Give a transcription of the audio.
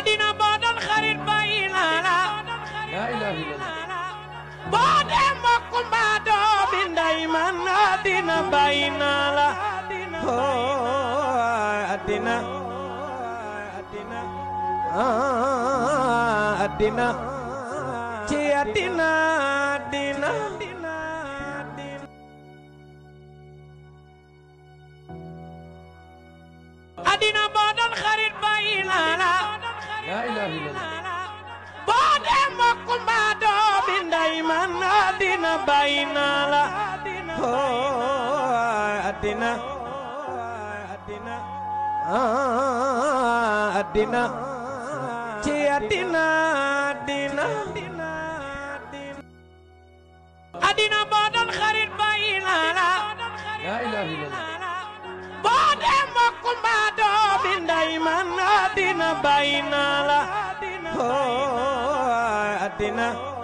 àddina boo doon xarit bàyyi naa la boo dee mbokk mbaa doomi ndey man àddina bàyyi naa la àddina oh, àddina ah, boo dee mbokk mbaa doomi ndey man àddina bàyyi naa la àddina àddina ah, ci àddina boo dee mbokk mbaa doomi ndey man àddina dina